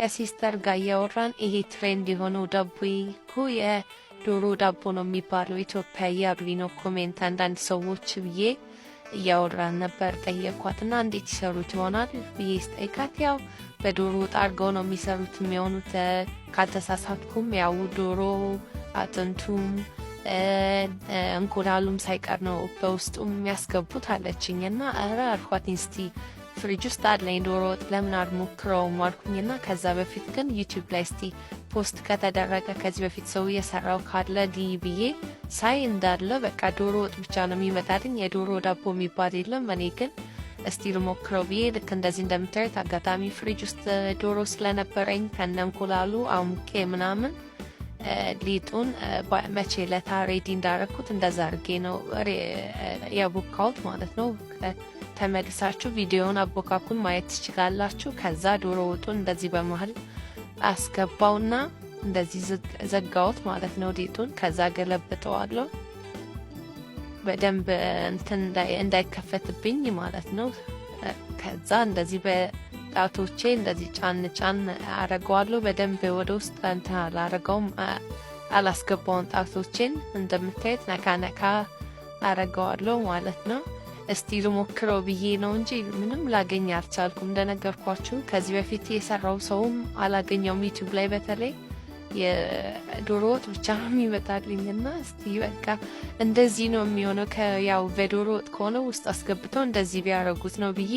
ከሲስተር ጋር እያወራን ይሄ ትሬንድ የሆነው ዳቦ እኮ የዶሮ ዳቦ ነው የሚባለው ኢትዮጵያ እያሉ ነው ኮሜንት አንዳንድ ሰዎች ብዬ እያወራን ነበር። ጠየኳት እና እንዴት ይሰሩት ይሆናል ብዬ ስጠይቃት ያው በዶሮ ጣርገው ነው የሚሰሩት የሚሆኑት። ካልተሳሳትኩም ያው ዶሮ አጥንቱም እንቁላሉም ሳይቀር ነው በውስጡም የሚያስገቡት አለችኝ እና ረ አልኳት እስቲ ፍሪጅ ውስጥ አለኝ ዶሮ ወጥ ለምን አልሞክረውም አልኩኝና ከዛ በፊት ግን ዩቲዩብ ላይ እስቲ ፖስት ከተደረገ ከዚህ በፊት ሰው እየሰራው ካለ ዲ ብዬ ሳይ እንዳለ በቃ ዶሮ ወጥ ብቻ ነው የሚመጣልኝ። የዶሮ ዳቦ የሚባል የለም። እኔ ግን እስቲ ልሞክረው ብዬ ልክ እንደዚህ እንደምታዩት አጋጣሚ ፍሪጅ ውስጥ ዶሮ ስለነበረኝ ከነንቁላሉ አሙቄ ምናምን ሊጡን መቼ ለታ ሬዲ እንዳረኩት እንደዛ አርጌ ነው የቡካውት ማለት ነው። ተመልሳችሁ ቪዲዮውን አቦካኩን ማየት ትችላላችሁ። ከዛ ዶሮ ወጡ እንደዚህ በመሃል አስገባውና እንደዚህ ዘጋውት ማለት ነው ሊጡን። ከዛ ገለብጠዋለሁ በደንብ እንትን እንዳይከፈትብኝ ማለት ነው። ከዛ እንደዚህ በጣቶቼ እንደዚህ ጫን ጫን አረገዋለሁ። በደንብ ወደ ውስጥ እንትን አላረገውም፣ አላስገባውን ጣቶቼን እንደምታየት ነካ ነካ አረገዋለሁ ማለት ነው። እስቲ ልሞክረው ብዬ ነው እንጂ ምንም ላገኝ አልቻልኩ። እንደነገርኳችሁ ከዚህ በፊት የሰራው ሰውም አላገኘውም። ዩቱብ ላይ በተለይ የዶሮ ወጥ ብቻ ነው የሚመጣልኝ እና እስቲ በቃ እንደዚህ ነው የሚሆነው ከያው በዶሮ ወጥ ከሆነ ውስጥ አስገብተው እንደዚህ ቢያደርጉት ነው ብዬ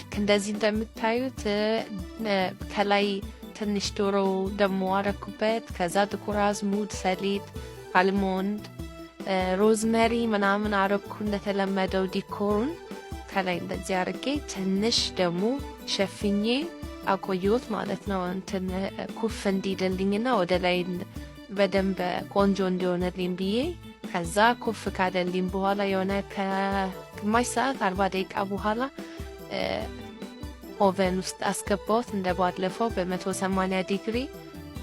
ልክ እንደዚህ እንደምታዩት ከላይ ትንሽ ዶሮ ደሞ አረኩበት። ከዛ ጥቁር አዝሙድ፣ ሰሊጥ፣ አልሞንድ ሮዝመሪ ምናምን አረኩ እንደተለመደው ዲኮሩን ከላይ እንደዚህ አርጌ ትንሽ ደግሞ ሸፍኜ አቆየሁት ማለት ነው። እንትን ኩፍ እንዲልልኝና ወደ ላይ በደንብ ቆንጆ እንዲሆንልኝ ብዬ ከዛ ኩፍ ካደልኝ በኋላ የሆነ ከግማሽ ሰዓት አርባ ደቂቃ በኋላ ኦቨን ውስጥ አስገባሁት። ባለፈው በመቶ ሰማንያ ዲግሪ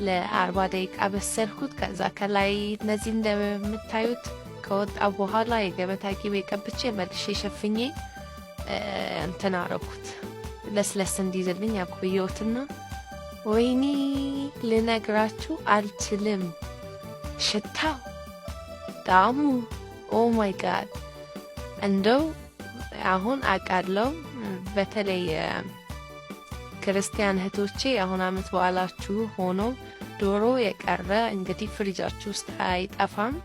ለአርባ ደቂቃ በሰልኩት። ከዛ ከላይ እነዚህ እንደምታዩት ከወጣ በኋላ የገበታ ቂቤ ቀብቼ መልሼ ሸፍኜ እንትን አረኩት። ለስለስ እንዲዝልኝ አቆየሁትና ወይኔ ልነግራችሁ አልችልም። ሽታው፣ ጣዕሙ ኦ ማይ ጋድ! እንደው አሁን አቃለው በተለይ ክርስቲያን እህቶቼ አሁን አመት በዓላችሁ ሆኖ ዶሮ የቀረ እንግዲህ ፍሪጃችሁ ውስጥ አይጠፋም።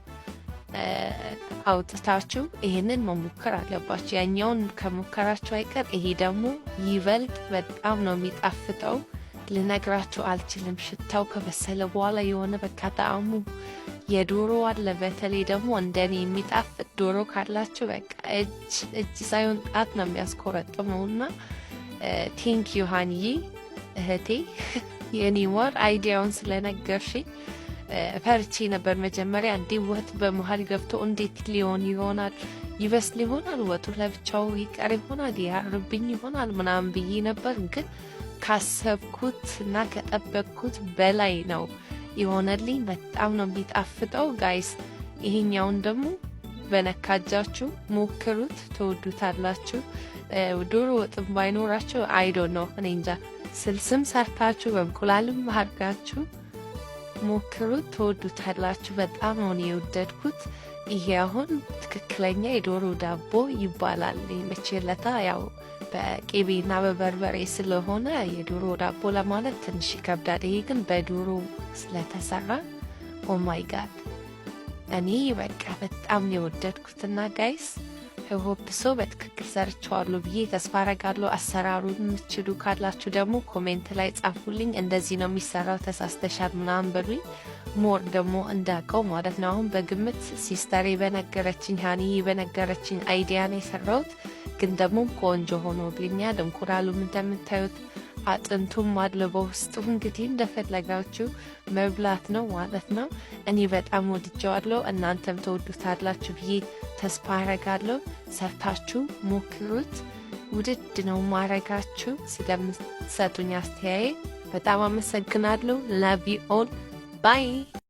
አውጥታችሁ ይህንን መሞከር አለባችሁ። ያኛውን ከሞከራችሁ አይቀር ይሄ ደግሞ ይበልጥ በጣም ነው የሚጣፍጠው። ልነግራችሁ አልችልም። ሽታው ከበሰለ በኋላ የሆነ በቃ ጣዕሙ የዶሮ አለ። በተለይ ደግሞ እንደኔ የሚጣፍጥ ዶሮ ካላችሁ በቃ እጅ እጅ ሳይሆን ጣት ነው የሚያስኮረጥመውና ቴንክ ዮሀንዬ እህቴ የኔ ወር አይዲያውን ስለነገርሽ ፈርቼ ነበር መጀመሪያ። እንዲ ወጥ በመሀል ገብቶ እንዴት ሊሆን ይሆናል ይበስል ይሆናል ወጡ ለብቻው ይቀር ይሆናል ያርብኝ ይሆናል ምናምን ብዬ ነበር። ግን ካሰብኩት እና ከጠበቅኩት በላይ ነው የሆነልኝ። በጣም ነው የሚጣፍጠው ጋይስ። ይሄኛውን ደግሞ በነካጃችሁ ሞክሩት፣ ትወዱታላችሁ። ዶሮ ወጥም ባይኖራችሁ አይዶ ነው እኔ እንጃ። ስልስም ሰርታችሁ በእንቁላልም አድርጋችሁ ሞክሩት፣ ትወዱታላችሁ። በጣም ነው የወደድኩት። ይሄ አሁን ትክክለኛ የዶሮ ዳቦ ይባላል። መቼለታ ያው በቅቤና በበርበሬ ስለሆነ የዶሮ ዳቦ ለማለት ትንሽ ይከብዳል። ይሄ ግን በዶሮ ስለተሰራ ኦማይ ጋድ እኔ በቃ በጣም የወደድኩትና ጋይስ ሆፕ ሶ በትክክል ሰርቸዋለሁ ብዬ ተስፋ አረጋለሁ። አሰራሩን የምትችሉ ካላችሁ ደግሞ ኮሜንት ላይ ጻፉልኝ። እንደዚህ ነው የሚሰራው፣ ተሳስተሻል ምናምን በሉኝ። ሞር ደግሞ እንዳውቀው ማለት ነው። አሁን በግምት ሲስተሬ በነገረችኝ ሀኒ በነገረችኝ አይዲያ ነው የሰራሁት፣ ግን ደግሞ ቆንጆ ሆኖ ብኛ ድንኩራሉም እንደምታዩት አጥንቱም አለ በውስጡ። እንግዲህ እንደፈለጋችሁ መብላት ነው ማለት ነው። እኔ በጣም ወድጀዋለሁ፣ እናንተም ተወዱታላችሁ ብዬ ተስፋ አረጋለሁ። ሰርታችሁ ሞክሩት። ውድድ ነው ማረጋችሁ። ስለምሰጡኝ አስተያየ በጣም አመሰግናለሁ። ላቪ ኦል ባይ